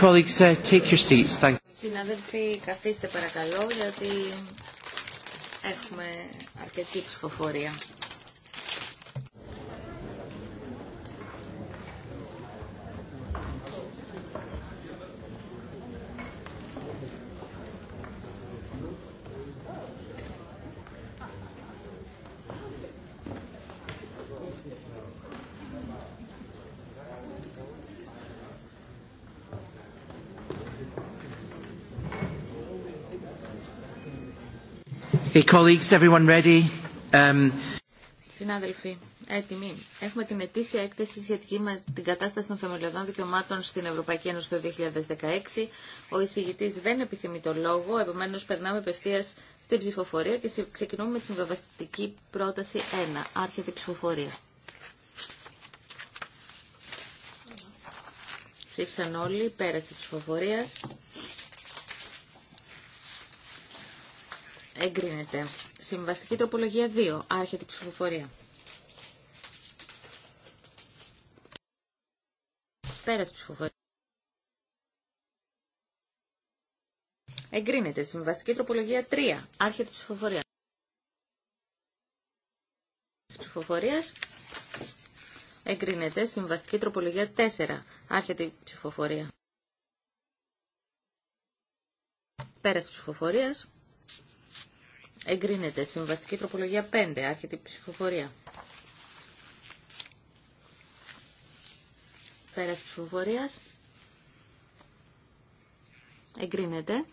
Uh, Συναδελφοί, καθίστε παρακαλώ, γιατί έχουμε αρκετή ψηφοφορία. Um, Συνάδελφοι, έτοιμοι. Έχουμε την ετήσια έκθεση σχετική με την κατάσταση των θεμελιωδών δικαιωμάτων στην Ευρωπαϊκή Ένωση το 2016. Ο εισηγητή δεν επιθυμεί το λόγο, επομένω περνάμε απευθεία στην ψηφοφορία και ξεκινούμε με τη συμβαστική πρόταση 1. Άρχεται η ψηφοφορία. Ψήφισαν όλοι, πέρασε τη ψηφοφορία. Εγκρίνεται. Συμβαστική τροπολογία 2. Άρχεται η ψηφοφορία. η ψηφοφορία. Εγκρίνεται. Συμβαστική τροπολογία 3. Άρχεται η ψηφοφορία. Ψηφοφορία. Εγκρίνεται. Συμβαστική τροπολογία 4. Άρχεται η ψηφοφορία. Πέραση ψηφοφορία εγκρίνεται. Συμβαστική τροπολογία 5, άρχεται η ψηφοφορία. Πέρας ψηφοφορία. Εγκρίνεται.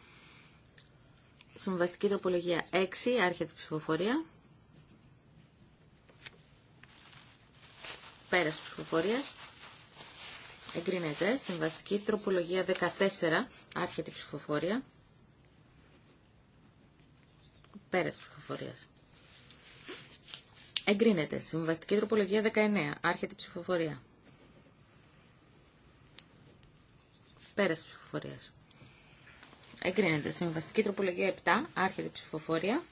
Συμβαστική τροπολογία 6, άρχεται η ψηφοφορία. Πέρας ψηφοφορία. Εγκρίνεται. Συμβαστική τροπολογία 14, άρχεται η ψηφοφορία τη ψηφοφορία. Εγκρίνεται. Συμβαστική τροπολογία 19. Άρχεται η ψηφοφορία. τη ψηφοφορία. Εγκρίνεται. Συμβαστική τροπολογία 7. Άρχεται η ψηφοφορία.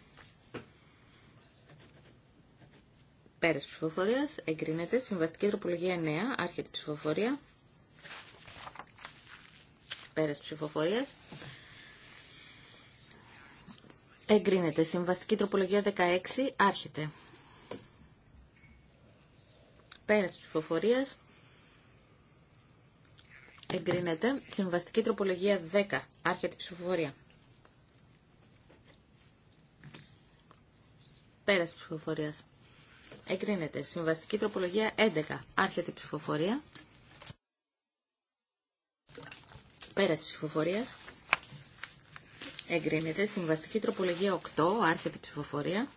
τη ψηφοφορία. Εγκρίνεται. Συμβαστική τροπολογία 9. Άρχεται η ψηφοφορία. τη ψηφοφορία. Εγκρίνεται. Συμβαστική τροπολογία 16. Άρχεται. Πέρα της ψηφοφορίας. Εγκρίνεται. Συμβαστική τροπολογία 10. Άρχεται η ψηφοφορία. Πέρα της ψηφοφορίας. Εγκρίνεται. Συμβαστική τροπολογία 11. Άρχεται η ψηφοφορία. Πέρα της Εγκρίνεται. Συμβαστική τροπολογία 8. Άρχεται η ψηφοφορία.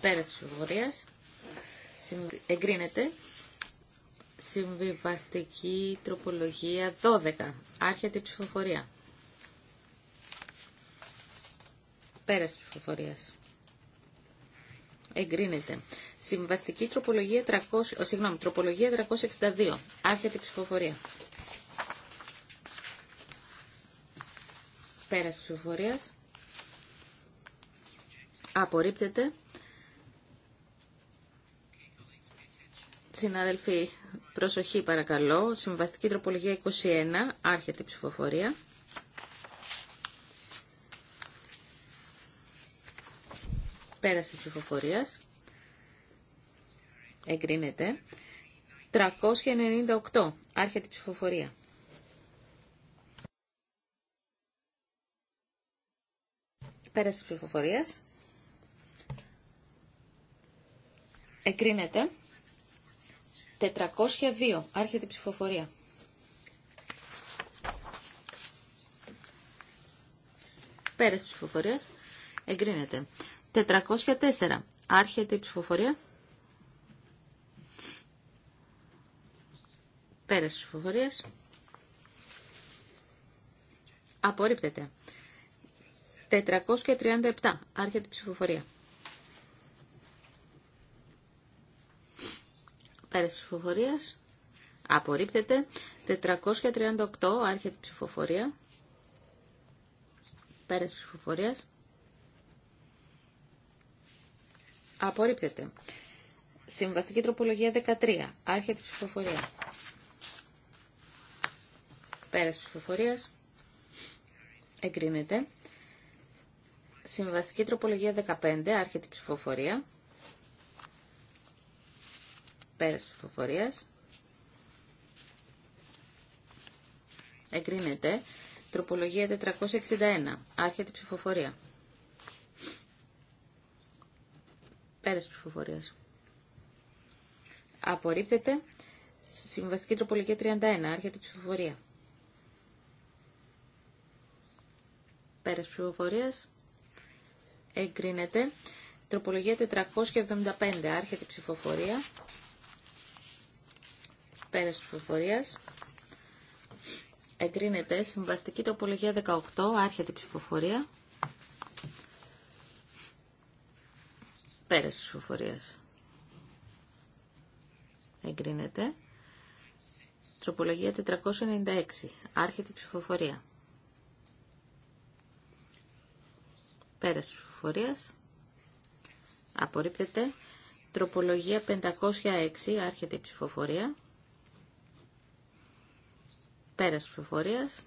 Πέρας ψηφοφορίας. Εγκρίνεται. Συμβιβαστική τροπολογία 12. Άρχεται ψηφοφορία. Πέρας ψηφοφορίας. Εγκρίνεται. Συμβαστική τροπολογία 300, τροπολογία 362. Άρχεται ψηφοφορία. Πέραση της ψηφοφορίας. Απορρίπτεται. Συνάδελφοι, προσοχή παρακαλώ. Συμβαστική τροπολογία 21, άρχεται η ψηφοφορία. Πέραση ψηφοφορία. ψηφοφορίας. Εγκρίνεται. 398, άρχεται η ψηφοφορία. Πέραση της πληροφορίας. Εκρίνεται. 402. Άρχεται η ψηφοφορία. Πέρας της ψηφοφορίας. Εγκρίνεται. 404. Άρχεται η ψηφοφορία. Πέρας της ψηφοφορίας. Απορρίπτεται. 437. Άρχεται η ψηφοφορία. Πέρας ψηφοφορίας. Απορρίπτεται. 438. Άρχεται η ψηφοφορία. Πέρας ψηφοφορίας. Απορρίπτεται. Συμβαστική τροπολογία 13. Άρχεται η ψηφοφορία. Πέρας ψηφοφορίας. Εγκρίνεται. Συμβαστική τροπολογία 15, άρχεται ψηφοφορία. Πέρας ψηφοφορίας. Εγκρίνεται. Τροπολογία 461, άρχεται ψηφοφορία. Πέρας ψηφοφορίας. Απορρίπτεται. Συμβαστική τροπολογία 31, άρχεται ψηφοφορία. Πέρας ψηφοφορίας εγκρίνεται. Τροπολογία 475, άρχεται η ψηφοφορία. Πέρας ψηφοφορίας. Εγκρίνεται. Συμβαστική τροπολογία 18, άρχεται η ψηφοφορία. Πέρας ψηφοφορίας. Εγκρίνεται. Τροπολογία 496. Άρχεται η ψηφοφορία. Πέρασε πληροφορίας. Απορρίπτεται. Τροπολογία 506. Άρχεται η ψηφοφορία. Πέρας ψηφοφορίας.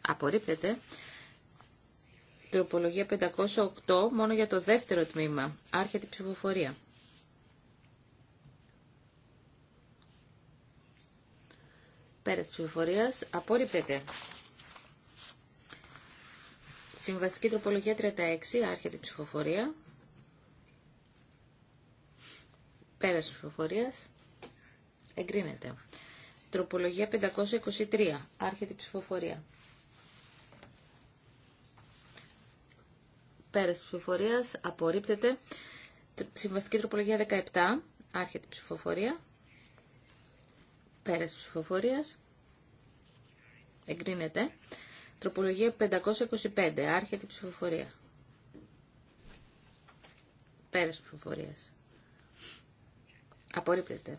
Απορρίπτεται. Τροπολογία 508. Μόνο για το δεύτερο τμήμα. Άρχεται η ψηφοφορία. Πέρας ψηφοφορίας. Απορρίπτεται. Συμβαστική τροπολογία 36, άρχεται η ψηφοφορία. Πέρας ψηφοφορία. Εγκρίνεται. Τροπολογία 523, άρχεται η ψηφοφορία. Πέρας ψηφοφορία, Απορρίπτεται. Συμβαστική τροπολογία 17, άρχεται η ψηφοφορία. Πέρας ψηφοφορία. Εγκρίνεται. Τροπολογία 525. Άρχεται η ψηφοφορία. Πέρας ψηφοφορίας. Απορρίπτεται.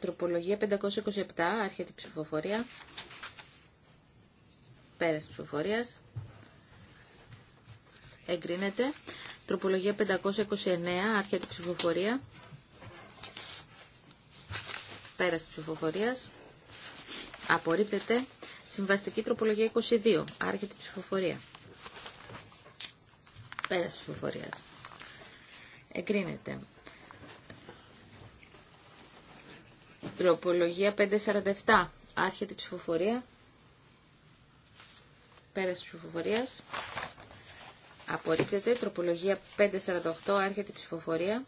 Τροπολογία 527. Άρχεται η ψηφοφορία. Πέρας ψηφοφορίας. Εγκρίνεται. Τροπολογία 529. Άρχεται η ψηφοφορία. Πέρας ψηφοφορίας. Απορρίπτεται. Συμβαστική τροπολογία 22. Άρχεται η ψηφοφορία. Πέρας ψηφοφορίας. Εγκρίνεται. Τροπολογία 547. Άρχεται η ψηφοφορία. Πέρας ψηφοφορίας. Απορρίπτεται. Τροπολογία 548. Άρχεται η ψηφοφορία.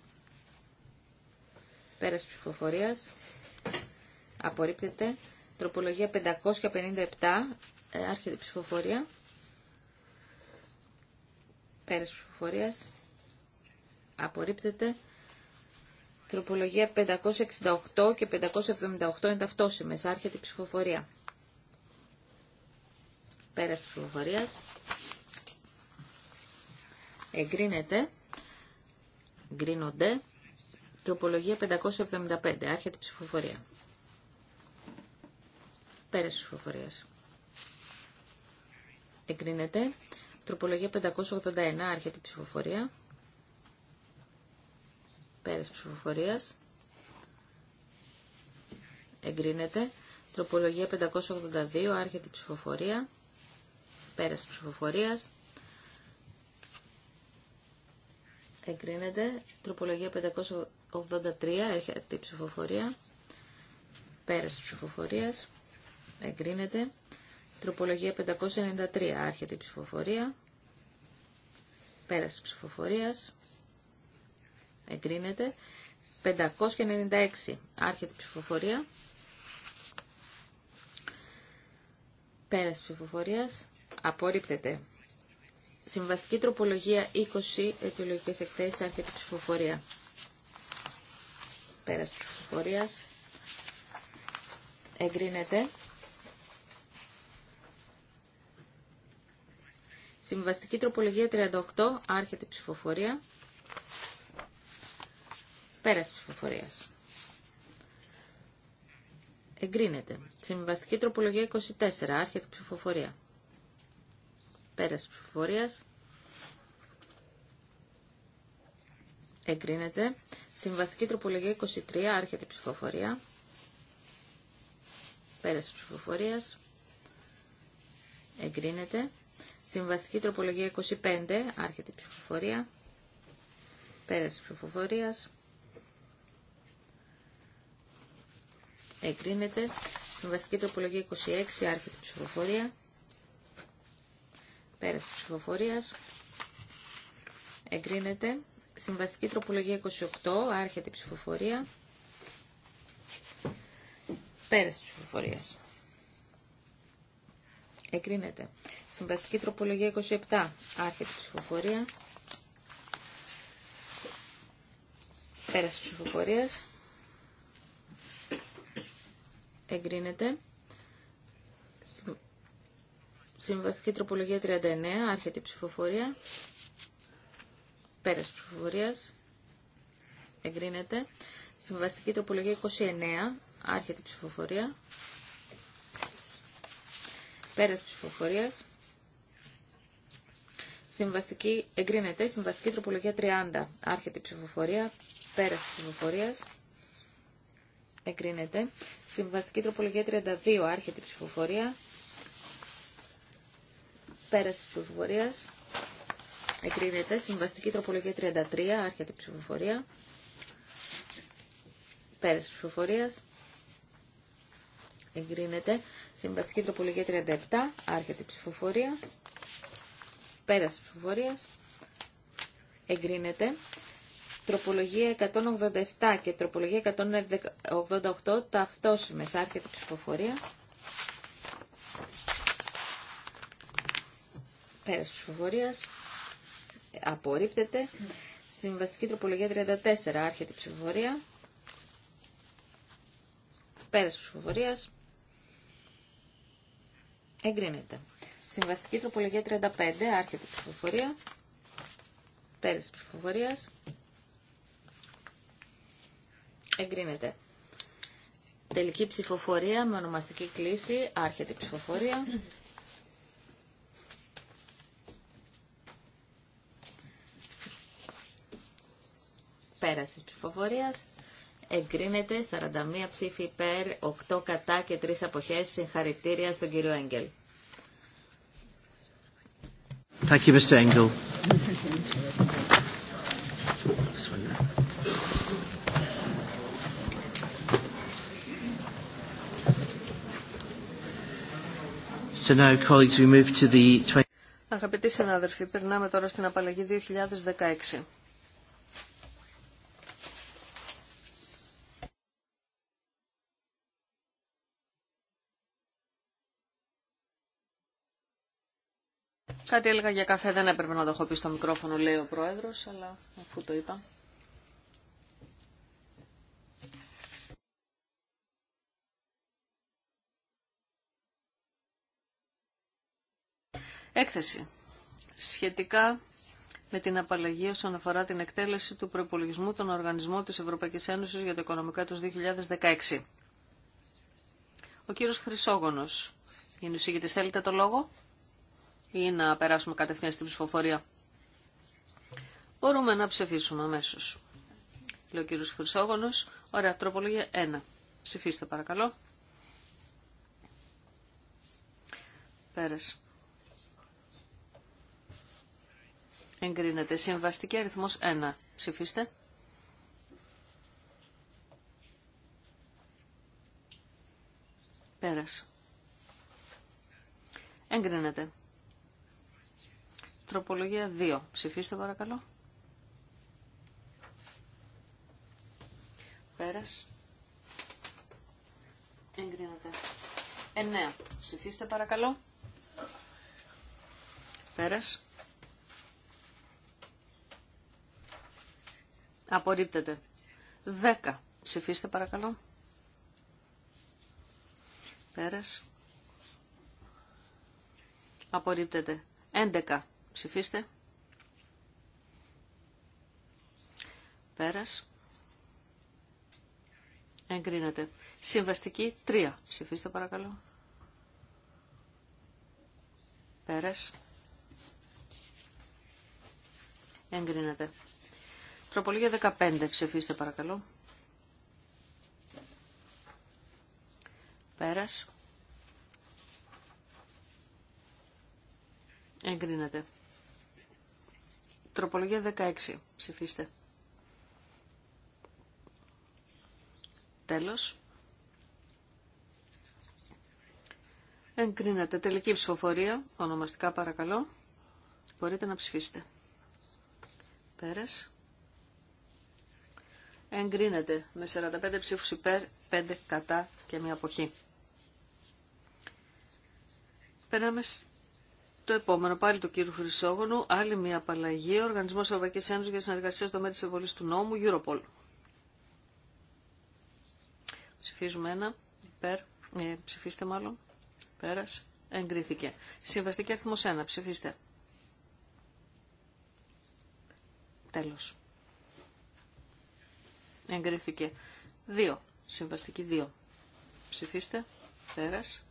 Πέρας ψηφοφορίας. Απορρίπτεται. Τροπολογία 557, ε, άρχεται ψηφοφορία. Πέρας ψηφοφορίας. Απορρίπτεται. Τροπολογία 568 και 578 είναι ταυτόσιμες. Άρχεται ψηφοφορία. Πέρας ψηφοφορία. ψηφοφορίας. Εγκρίνεται. Εγκρίνονται. Τροπολογία 575. Άρχεται ψηφοφορία. Πέρας ψηφοφορίας. Εγκρίνεται. Τροπολογία 581. Άρχεται η ψηφοφορία. Πέρας ψηφοφορίας. Εγκρίνεται. Τροπολογία 582. Άρχεται η ψηφοφορία. Πέρας ψηφοφορίας. Εγκρίνεται. Τροπολογία 583. Έρχεται η ψηφοφορία. Πέραση ψηφοφορίας εγκρίνεται. Τροπολογία 593, άρχεται η ψηφοφορία. Πέραση ψηφοφορίας, εγκρίνεται. 596, άρχεται η ψηφοφορία. Πέραση ψηφοφορίας, απορρίπτεται. Συμβαστική τροπολογία 20, αιτιολογικές εκθέσεις, άρχεται η ψηφοφορία. Πέραση ψηφοφορίας, εγκρίνεται. Συμβαστική τροπολογία 38, άρχεται ψηφοφορία. Πέραση ψηφοφορίας. Εγκρίνεται. Συμβαστική τροπολογία 24, άρχεται ψηφοφορία. Πέραση ψηφοφορίας. Εγκρίνεται. Συμβαστική τροπολογία 23, άρχεται ψηφοφορία. Πέραση ψηφοφορίας. Εγκρίνεται. Συμβαστική τροπολογία 25, άρχεται η ψηφοφορία, πέραση ψηφοφορία. εγκρίνεται. Συμβαστική τροπολογία 26, άρχεται η ψηφοφορία, πέραση ψηφοφορία. εγκρίνεται. Συμβαστική τροπολογία 28, άρχεται η ψηφοφορία, πέραση ψηφοφορία. Εγκρίνεται. Συμβαστική τροπολογία 27. Άρχεται η ψηφοφορία. Πέραση ψηφοφορία. Εγκρίνεται. Συμβαστική τροπολογία 39. Άρχεται η ψηφοφορία. Πέραση ψηφοφορία. Εγκρίνεται. Συμβαστική τροπολογία 29. Άρχεται η ψηφοφορία. Πέραση ψηφοφορίας. Συμβαστική, εγκρίνεται, συμβαστική τροπολογία 30. Άρχεται η ψηφοφορία, πέραση ψηφοφορίας. Εγκρίνεται. Συμβαστική τροπολογία 32. Άρχεται η ψηφοφορία. Πέραση της ψηφοφορίας. Εγκρίνεται. Συμβαστική τροπολογία 33. Άρχεται η ψηφοφορία. Πέραση της ψηφοφορίας. Εγκρίνεται. Συμβαστική τροπολογία 37. Άρχεται η ψηφοφορία. Πέραση ψυχοφορίας, Εγκρίνεται. Τροπολογία 187 και τροπολογία 188 ταυτόσιμε. Άρχεται η ψηφοφορία. Πέραση ψηφοφορία. Απορρίπτεται. Συμβαστική τροπολογία 34. Άρχεται η ψηφοφορία. Πέραση ψηφοφορία. Εγκρίνεται. Συμβαστική τροπολογία 35, άρχεται η ψηφοφορία. Πέρυσι ψηφοφορίας. Εγκρίνεται. Τελική ψηφοφορία με ονομαστική κλίση, άρχεται η ψηφοφορία. Πέραση της Εγκρίνεται 41 ψήφοι υπέρ, 8 κατά και 3 αποχές. Συγχαρητήρια στον κύριο Έγγελ. Thank you, Mr. Engel. So now, colleagues, we move to the... Αγαπητοί συνάδελφοι, περνάμε τώρα στην απαλλαγή 2016. Κάτι έλεγα για καφέ, δεν έπρεπε να το έχω πει στο μικρόφωνο, λέει ο Πρόεδρος, αλλά αφού το είπα. Έκθεση. Σχετικά με την απαλλαγή όσον αφορά την εκτέλεση του προπολογισμού των οργανισμών της Ευρωπαϊκής Ένωσης για το οικονομικά του 2016. Ο κύριος Χρυσόγονος. Γενουσίγητης, θέλετε το λόγο ή να περάσουμε κατευθείαν στην ψηφοφορία. Μπορούμε να ψηφίσουμε αμέσω. Λέω κύριο Χρυσόγονο. Ωραία, τροπολογία 1. Ψηφίστε παρακαλώ. Πέρασε. Εγκρίνεται. Συμβαστική αριθμό 1. Ψηφίστε. Πέρασε. Εγκρίνεται. Τροπολογία 2. Ψηφίστε παρακαλώ. Πέρας. Εγκρίνεται. 9. Ψηφίστε παρακαλώ. Πέρας. Απορρίπτεται. 10. Ψηφίστε παρακαλώ. Πέρας. Απορρίπτεται. 11. Ψηφίστε. Πέρας. Εγκρίνεται. Συμβαστική 3. Ψηφίστε παρακαλώ. Πέρας. Εγκρίνεται. Τροπολογία 15. Ψηφίστε παρακαλώ. Πέρας. Εγκρίνεται. Τροπολογία 16. Ψηφίστε. Τέλος. Εγκρίνεται. Τελική ψηφοφορία. Ονομαστικά παρακαλώ. Μπορείτε να ψηφίσετε. Πέρας. Εγκρίνεται με 45 ψήφους υπέρ, 5 κατά και μια αποχή. Περνάμε το επόμενο πάλι του κύριου Χρυσόγονου, άλλη μια απαλλαγή, Οργανισμός Ευρωπαϊκή Ένωση για συνεργασία στο Μέτρη τη του νόμου, Europol. Ψηφίζουμε ένα, υπέρ, ε, ψηφίστε μάλλον, πέρας, εγκρίθηκε. Συμβαστική αριθμός ένα. ψηφίστε. Τέλος. Εγκρίθηκε. 2, συμβαστική δύο. Ψηφίστε, πέρας,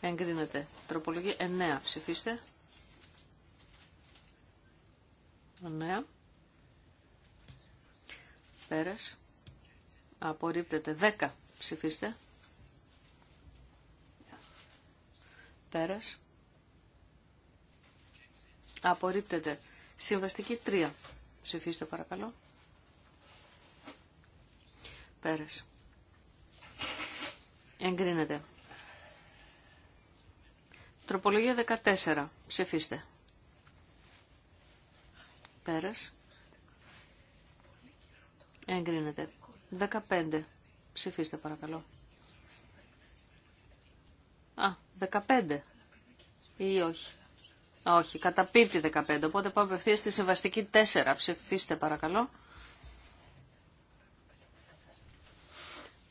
Εγκρίνεται. Τροπολογία 9. Ψηφίστε. 9. Πέρας. Απορρίπτεται. 10. Ψηφίστε. Πέρας. Απορρίπτεται. Συμβαστική 3. Ψηφίστε παρακαλώ. Πέρας. Εγκρίνεται. Τροπολογία 14. Ψηφίστε. Πέρας. Εγκρίνεται. 15. Ψηφίστε παρακαλώ. Α, 15. Ή όχι. όχι, καταπίπτει 15. Οπότε πάμε απευθεία στη συμβαστική 4. Ψηφίστε παρακαλώ.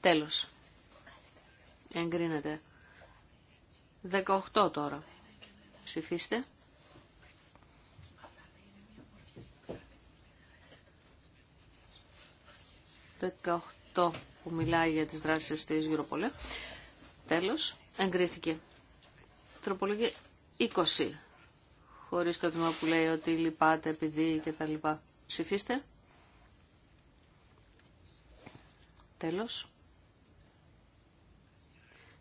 Τέλος. Εγκρίνεται. 18 τώρα. Ψηφίστε. 18 που μιλάει για τις δράσεις της Γιουροπολέ. Τέλος, εγκρίθηκε. Τροπολογία 20. Χωρίς το τμήμα που λέει ότι λυπάται επειδή και τα λοιπά. Ψηφίστε. Τέλος.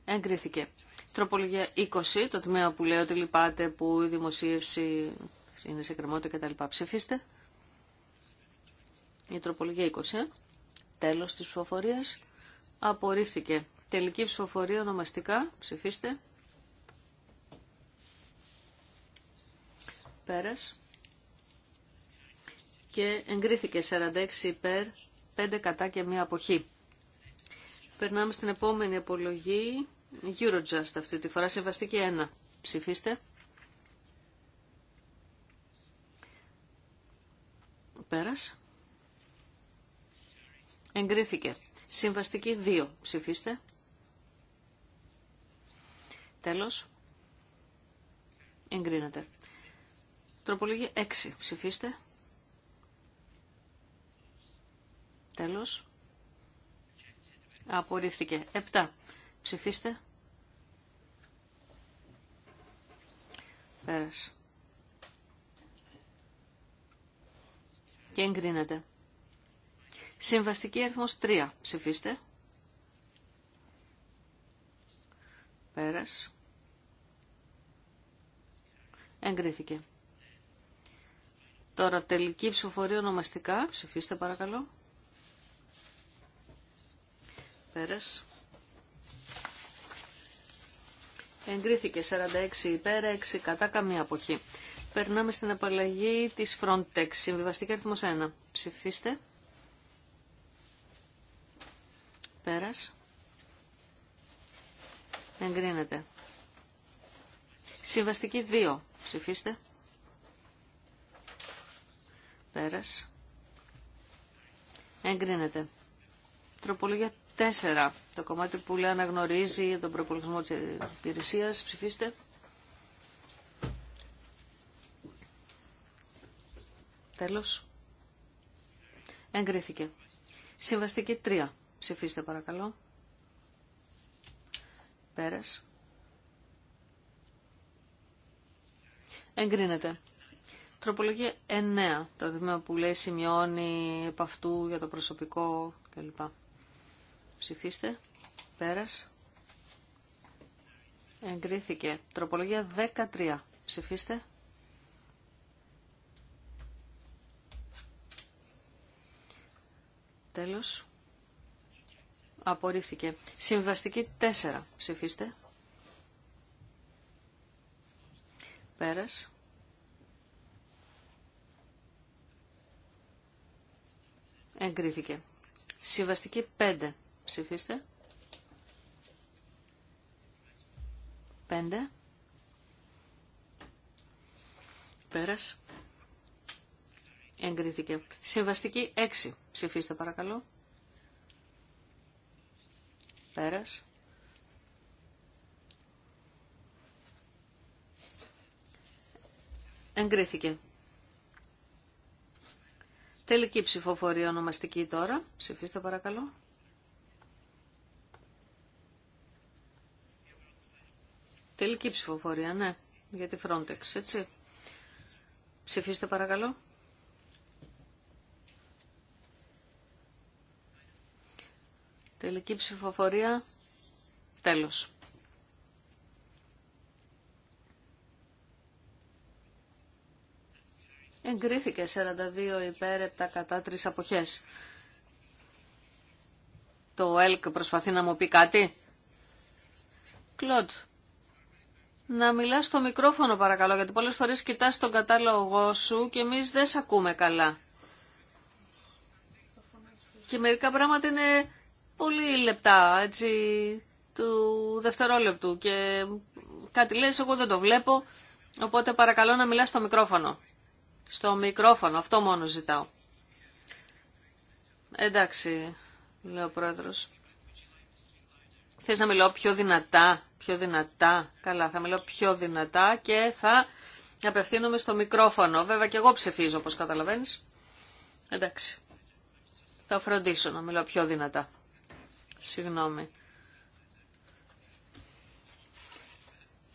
Εγκρίθηκε. Τροπολογία 20, το τμήμα που λέει ότι λυπάται που η δημοσίευση είναι σε κρεμότητα κτλ. Ψηφίστε. Η τροπολογία 20. Τέλος της ψηφοφορίας. Απορρίφθηκε. Τελική ψηφοφορία ονομαστικά. Ψηφίστε. Πέρας. Και εγκρίθηκε 46 υπέρ, 5 κατά και μία αποχή. Περνάμε στην επόμενη απολογή Eurojust αυτή τη φορά, συμβαστική 1. Ψηφίστε. Πέρας. Εγκρίθηκε. Συμβαστική 2. Ψηφίστε. Τέλος. Εγκρίνεται. Τροπολογία 6. Ψηφίστε. Τέλος. Απορρίφθηκε. 7. Ψηφίστε. Πέρας. Και εγκρίνεται. Συμβαστική αριθμός 3. Ψηφίστε. Πέρας. Εγκρίθηκε. Τώρα τελική ψηφοφορία ονομαστικά. Ψηφίστε παρακαλώ. Πέρας. Εγκρίθηκε 46 υπέρ, 6 κατά καμία αποχή. Περνάμε στην απαλλαγή της Frontex. Συμβιβαστική αριθμό 1. Ψηφίστε. Πέρας. Εγκρίνεται. Συμβαστική 2. Ψηφίστε. Πέρας. Εγκρίνεται. Τροπολογία Τέσσερα. Το κομμάτι που λέει αναγνωρίζει τον προπολογισμό της υπηρεσία. Ψηφίστε. Τέλος. Εγκρίθηκε. Συμβαστική 3. Ψηφίστε παρακαλώ. Πέρας. Εγκρίνεται. Τροπολογία 9. Το δείγμα που λέει σημειώνει επ' αυτού για το προσωπικό κλπ. Ψηφίστε. Πέρας. Εγκρίθηκε. Τροπολογία 13. Ψηφίστε. Τέλος. Απορρίφθηκε. Συμβαστική 4. Ψηφίστε. Πέρας. Εγκρίθηκε. Συμβαστική 5. Ψηφίστε. 5. Πέρας. Εγκρίθηκε. Συμβαστική 6. Ψηφίστε παρακαλώ. Πέρας. Εγκρίθηκε. Τελική ψηφοφορία ονομαστική τώρα. Ψηφίστε παρακαλώ. Τελική ψηφοφορία, ναι, για τη Frontex, έτσι. Ψηφίστε παρακαλώ. Τελική ψηφοφορία, τέλος. Εγκρίθηκε 42 υπέρ 7 κατά 3 αποχές. Το ΕΛΚ προσπαθεί να μου πει κάτι. Κλοντ, να μιλάς στο μικρόφωνο παρακαλώ, γιατί πολλές φορές κοιτάς τον κατάλογο σου και εμεί δεν σε ακούμε καλά. Και μερικά πράγματα είναι πολύ λεπτά, έτσι, του δευτερόλεπτου και κάτι λες, εγώ δεν το βλέπω, οπότε παρακαλώ να μιλάς στο μικρόφωνο. Στο μικρόφωνο, αυτό μόνο ζητάω. Εντάξει, λέει ο πρόεδρος. Θες να μιλώ πιο δυνατά πιο δυνατά. Καλά, θα μιλώ πιο δυνατά και θα απευθύνομαι στο μικρόφωνο. Βέβαια και εγώ ψηφίζω, όπως καταλαβαίνεις. Εντάξει. Θα φροντίσω να μιλώ πιο δυνατά. Συγγνώμη.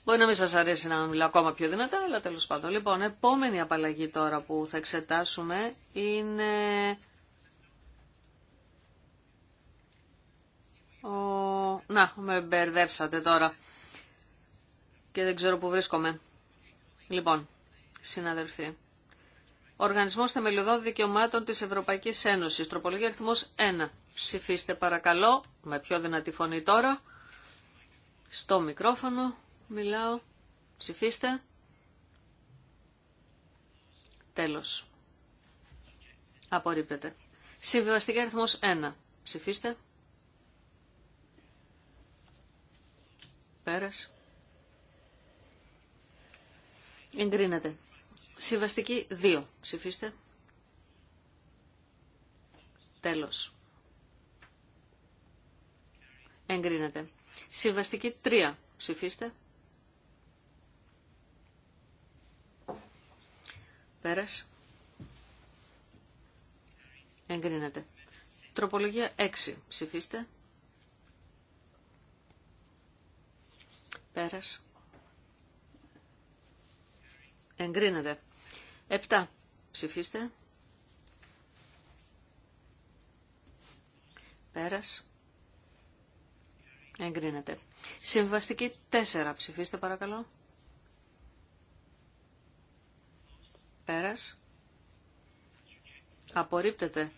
Μπορεί να μην σας αρέσει να μιλάω ακόμα πιο δυνατά, αλλά τέλος πάντων. Λοιπόν, επόμενη απαλλαγή τώρα που θα εξετάσουμε είναι Να, με μπερδεύσατε τώρα. Και δεν ξέρω που βρίσκομαι. Λοιπόν, συναδελφοί. Οργανισμό Θεμελιωδών Δικαιωμάτων τη Ευρωπαϊκή Ένωση. Τροπολογία αριθμό 1. Ψηφίστε παρακαλώ, με πιο δυνατή φωνή τώρα. Στο μικρόφωνο μιλάω. Ψηφίστε. Τέλος. Απορρίπτεται. Συμβιβαστική αριθμός 1. Ψηφίστε. Πέρας. Εγκρίνεται. Συμβαστική 2. Ψηφίστε. Τέλος. Εγκρίνεται. Συμβαστική 3. Ψηφίστε. Πέρας. Εγκρίνεται. Τροπολογία 6. Ψηφίστε. Πέρας. Εγκρίνεται. 7. Ψηφίστε. Πέρας. Εγκρίνεται. Συμβαστική 4. Ψηφίστε παρακαλώ. Πέρας. Απορρίπτεται.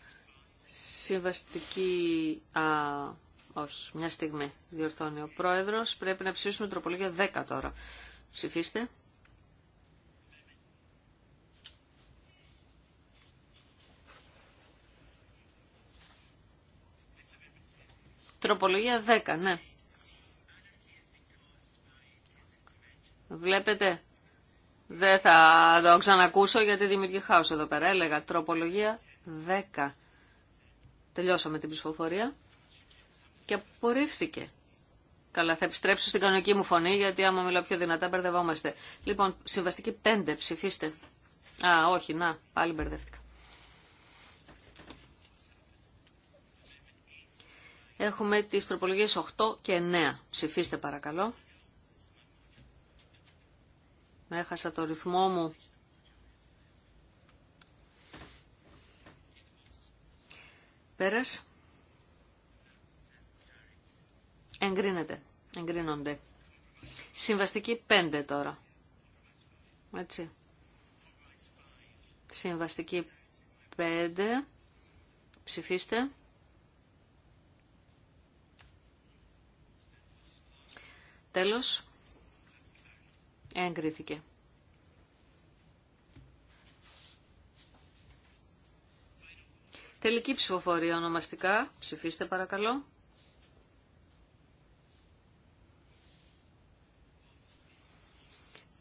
Συμβαστική α, όχι, μια στιγμή διορθώνει ο πρόεδρος. Πρέπει να ψηφίσουμε τροπολογία 10 τώρα. Ψηφίστε. Τροπολογία 10, ναι. Βλέπετε, δεν θα το ξανακούσω γιατί δημιουργεί χάος εδώ πέρα. Έλεγα τροπολογία 10. Τελειώσαμε την ψηφοφορία και απορρίφθηκε. Καλά, θα επιστρέψω στην κανονική μου φωνή, γιατί άμα μιλάω πιο δυνατά μπερδευόμαστε. Λοιπόν, συμβαστική 5, ψηφίστε. Α, όχι, να, πάλι μπερδεύτηκα. Έχουμε τις τροπολογίες 8 και 9. Ψηφίστε παρακαλώ. Έχασα το ρυθμό μου. Πέρας. Εγκρίνεται. Εγκρίνονται. Συμβαστική 5 τώρα. Έτσι. Συμβαστική 5. Ψηφίστε. Τέλος. Εγκρίθηκε. Τελική ψηφοφορία ονομαστικά. Ψηφίστε παρακαλώ.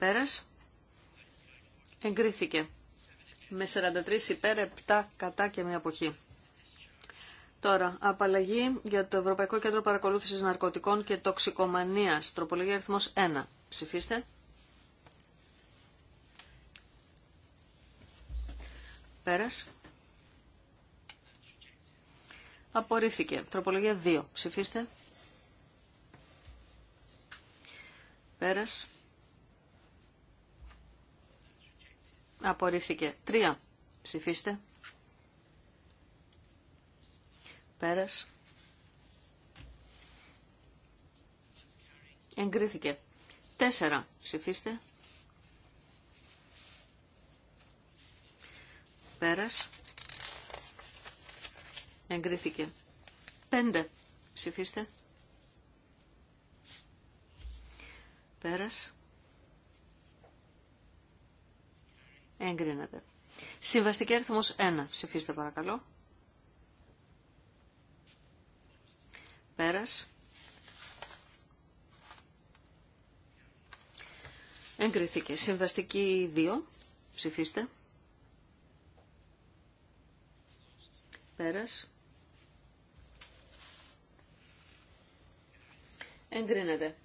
Πέρας. Εγκρίθηκε. Με 43 υπέρ, 7 κατά και μια αποχή. Τώρα, απαλλαγή για το Ευρωπαϊκό Κέντρο Παρακολούθησης Ναρκωτικών και Τοξικομανίας. Τροπολογία αριθμός 1. Ψηφίστε. Πέρας. Απορρίφθηκε. Τροπολογία 2. Ψηφίστε. Πέρας. Απορρίφθηκε. 3. Ψηφίστε. Πέρας. Εγκρίθηκε. 4. Ψηφίστε. Πέρας. Εγκρίθηκε. 5. Ψηφίστε. Πέρας. Εγκρίνεται. Συμβαστική αριθμό 1. Ψηφίστε παρακαλώ. Πέρας. Εγκρίθηκε. Συμβαστική 2. Ψηφίστε. Πέρας. Εγκρίνεται.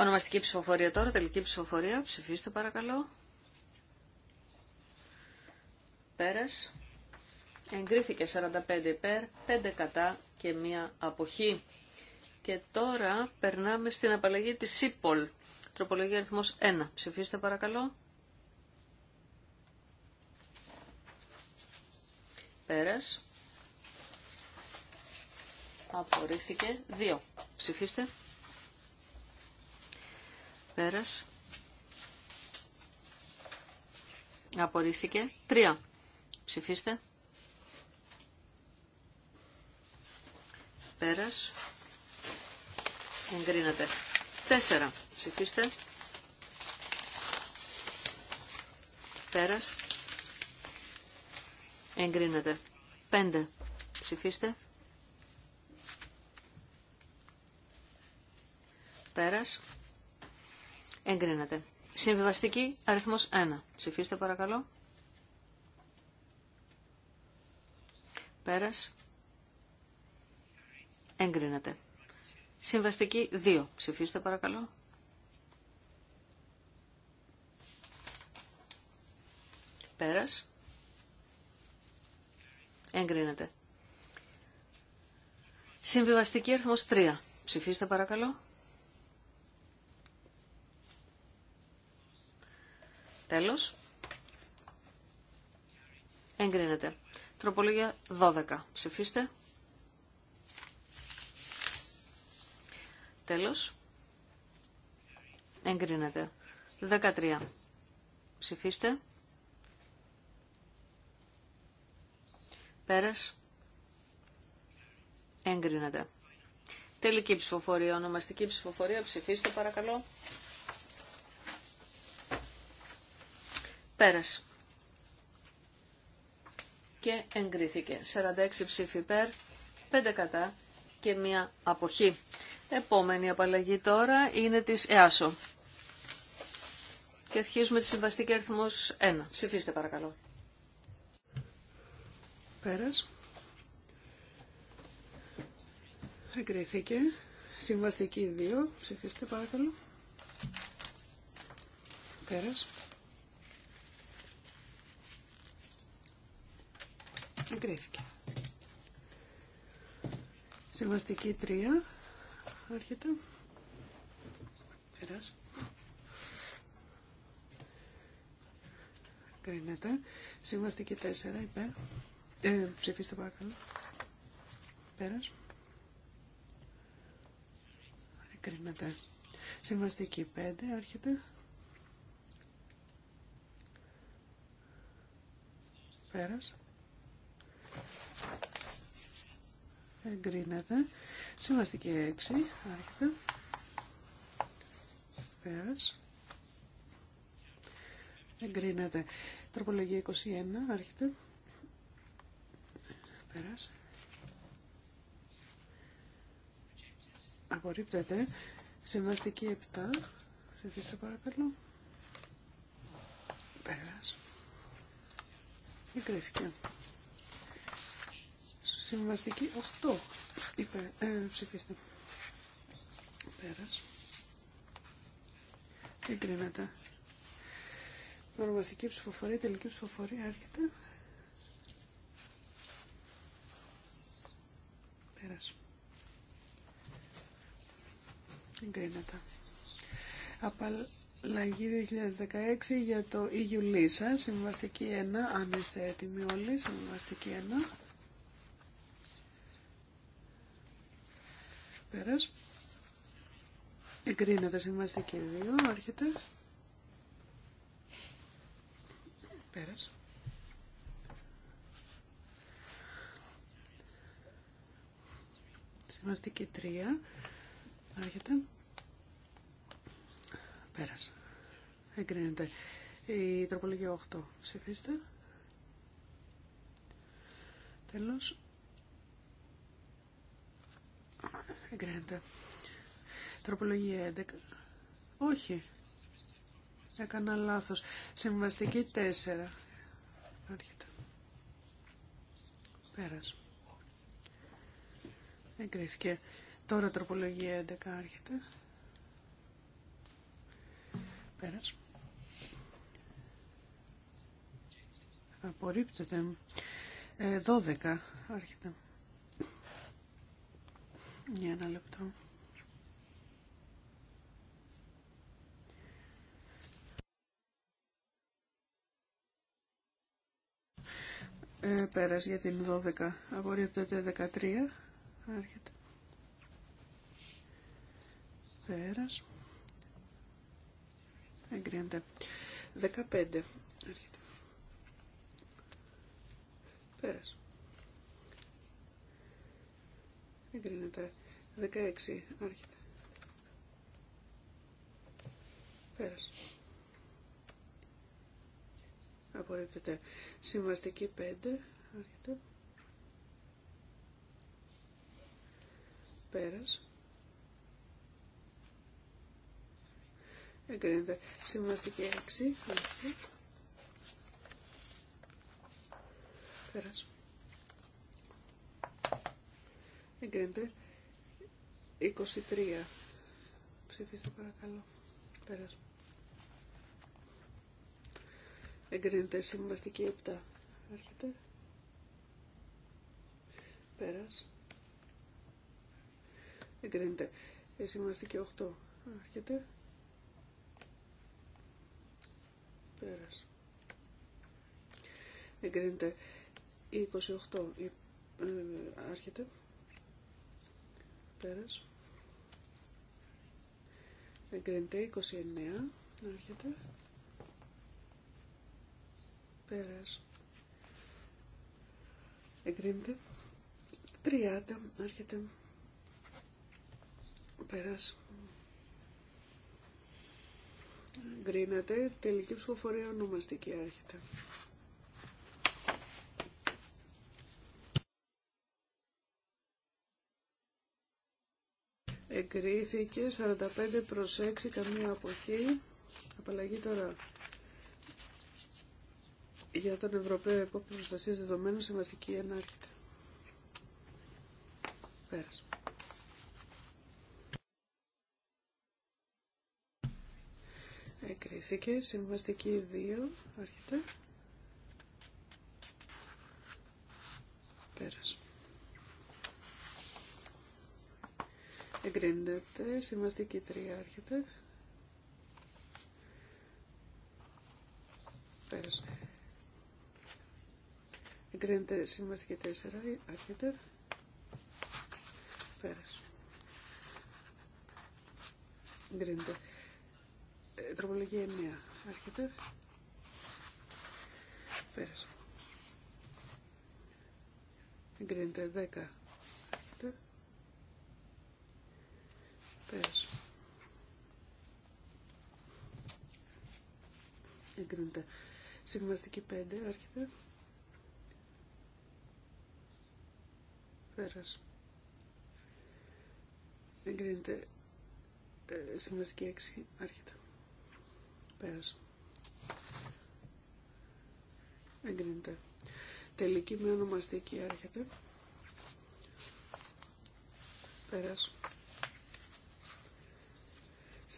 Ονομαστική ψηφοφορία τώρα, τελική ψηφοφορία. Ψηφίστε παρακαλώ. Πέρας. Εγκρίθηκε 45 υπέρ, 5 κατά και μία αποχή. Και τώρα περνάμε στην απαλλαγή της ΣΥΠΟΛ. Τροπολογία αριθμός 1. Ψηφίστε παρακαλώ. Πέρας. Απορρίφθηκε 2. Ψηφίστε. Πέρας. Απορρίφθηκε. Τρία. Ψηφίστε. Πέρας. Εγκρίνεται. Τέσσερα. Ψηφίστε. Πέρας. Εγκρίνεται. Πέντε. Ψηφίστε. Πέρας. Εγκρίνεται. Συμβιβαστική αριθμός 1. Ψηφίστε παρακαλώ. Πέρας. Εγκρίνεται. Συμβαστική 2. Ψηφίστε παρακαλώ. Πέρας. Εγκρίνεται. Συμβιβαστική αριθμός 3. Ψηφίστε παρακαλώ. Τέλος. Εγκρίνεται. Τροπολογία 12. Ψηφίστε. Τέλος. Εγκρίνεται. 13. Ψηφίστε. Πέρας. Εγκρίνεται. Τελική ψηφοφορία, ονομαστική ψηφοφορία. Ψηφίστε παρακαλώ. Πέρας. Και εγκρίθηκε. 46 ψήφοι υπέρ, 5 κατά και μία αποχή. Επόμενη απαλλαγή τώρα είναι της ΕΑΣΟ. Και αρχίζουμε τη συμβαστική αριθμός 1. Ψηφίστε παρακαλώ. Πέρας. Εγκρίθηκε. Συμβαστική 2. Ψηφίστε παρακαλώ. Πέρας. Εγκρίθηκε. Συμβαστική 3. Άρχεται. Περάς. Εγκρίνεται. Συμβαστική 4. Υπέρ. Ε, ψηφίστε παρακαλώ. Πέρας. Εγκρίνεται. Συμβαστική 5. Άρχεται. Πέρας. εγκρίνεται. Συμβαστική 6, άρχιτε. Πέρας. Εγκρίνεται. Τροπολογία 21, άρχεται. Πέρας. Απορρίπτεται. Συμβαστική 7. Ψηφίστε παρακαλώ. Πέρας. Εγκρίθηκε. Συμβαστική 8. Είπε ε, ψηφίστε. Πέρας. Εγκρίνεται. Ονομαστική ψηφοφορία, τελική ψηφοφορία έρχεται. Πέρας. Εγκρίνεται. Απαλλαγή 2016 για το EU Lisa, συμβαστική 1, αν είστε έτοιμοι όλοι, συμβαστική 1. Εγκρίνεται σημαντική 2. Άρχεται. Πέρας. Συμβαστική 3. Άρχεται. Πέρας. Εγκρίνεται. Η τροπολογία 8. Ψηφίστε. Τέλος. εγκρίνεται. Τροπολογία 11. Όχι. Έκανα λάθος. Συμβαστική 4. Άρχεται. Πέρας. Εγκρίθηκε. Τώρα τροπολογία 11 άρχεται. Πέρας. Απορρίπτεται. 12 ε, άρχεται. Για ένα λεπτό. Ε, πέρας για την 12. Απορρίπτεται 13. Άρχεται. Πέρας. Εγκρίνεται. 15. Άρχεται. Πέρας. Εγκρίνεται. 16. Άρχεται. Πέρασε. Απορρίπτεται. Συμβαστική 5. Άρχεται. Πέρασε. Εγκρίνεται. Συμβαστική 6. Άρχεται. Πέρασε. Εγκρίνεται. 23. Ψηφίστε παρακαλώ. Πέρας. Εγκρίνεται. Συμβαστική 7. Έρχεται. Πέρας. Εγκρίνεται. Ε, συμβαστική 8. Έρχεται. Πέρας. Εγκρίνεται. 28. Άρχεται. Πέρας. Εγκρίνεται 29. Έρχεται. Πέρας. Εγκρίνεται 30. Έρχεται. Πέρας. Εγκρίνεται τελική ψηφοφορία ονομαστική. Έρχεται. εγκρίθηκε 45 προς 6 καμία αποχή απαλλαγή τώρα για τον Ευρωπαίο Επόπτη Προστασία Δεδομένων Συμβαστική 1. Ενάρτητα. Πέρασε. Εγκρίθηκε. Συμβαστική 2. Άρχεται. Πέρασε. Εγκρίνεται. σημαντική 3 Άρχεται. Πέρασε. Εγκρίνεται. σημαντική 4 Άρχεται. Πέρασε. Εγκρίνεται. Ε, τροπολογία 9 Άρχεται. Πέρασε. Εγκρίνεται 10 Πες. Εγκρίνεται. Συμβαστική 5 άρχεται. Πέρας. Εγκρίνεται. Ε, συμβαστική 6 άρχεται. Πέρας. Εγκρίνεται. Τελική με ονομαστική άρχεται. Πέρας.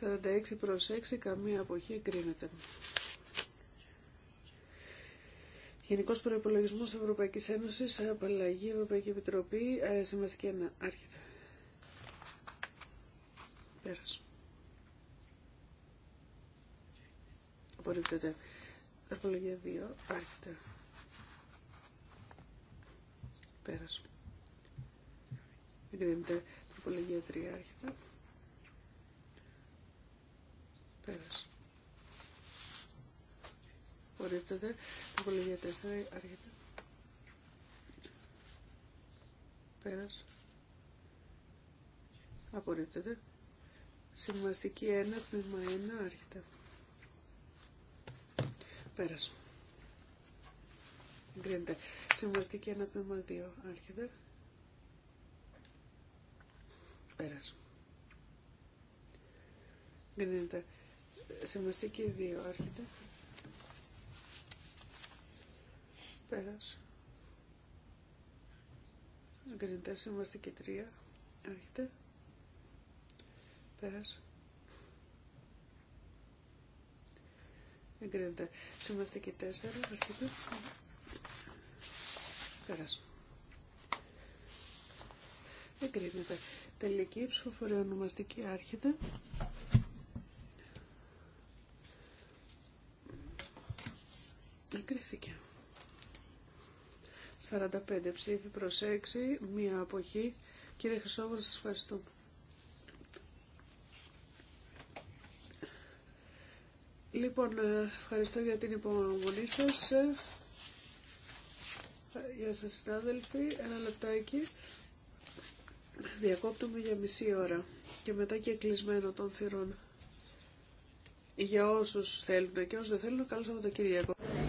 46 προς 6, καμία αποχή εγκρίνεται. Γενικό Προπολογισμό Ευρωπαϊκή Ένωση, Απαλλαγή Ευρωπαϊκή Επιτροπή, ε, σημαντική ένα. 1. Άρχεται. Πέρασε. Απορρίπτεται. Τροπολογία 2. Άρχεται. Πέρασε. Εγκρίνεται. Τροπολογία 3. Άρχεται. Πέρας. Απορρίπτεται. Τροπολογία 4. Άρχεται. Πέρα Απορρίπτεται. Συμβαστική 1, τμήμα 1, άρχεται. Πέρας. Εγκρίνεται. Συμβαστική 1, τμήμα 2, άρχεται. Πέρασε Εγκρίνεται. Συμβαστική 2 άρχεται. Πέρας. Εγκρίνεται. Συμβαστική 3 άρχεται. Πέρας. Εγκρίνεται. Συμβαστική 4 άρχεται. Πέρας. Εγκρίνεται. Τελική ψηφοφορία ονομαστική άρχεται. 45 ψήφι προς 6, μία αποχή. Κύριε Χρυσόβουλο, σας ευχαριστώ. Λοιπόν, ε, ευχαριστώ για την υπομονή σας. Ε, γεια σας συνάδελφοι, ένα λεπτάκι. Διακόπτουμε για μισή ώρα και μετά και κλεισμένο των θυρών. Για όσους θέλουν και όσους δεν θέλουν, το Σαββατοκύριακο.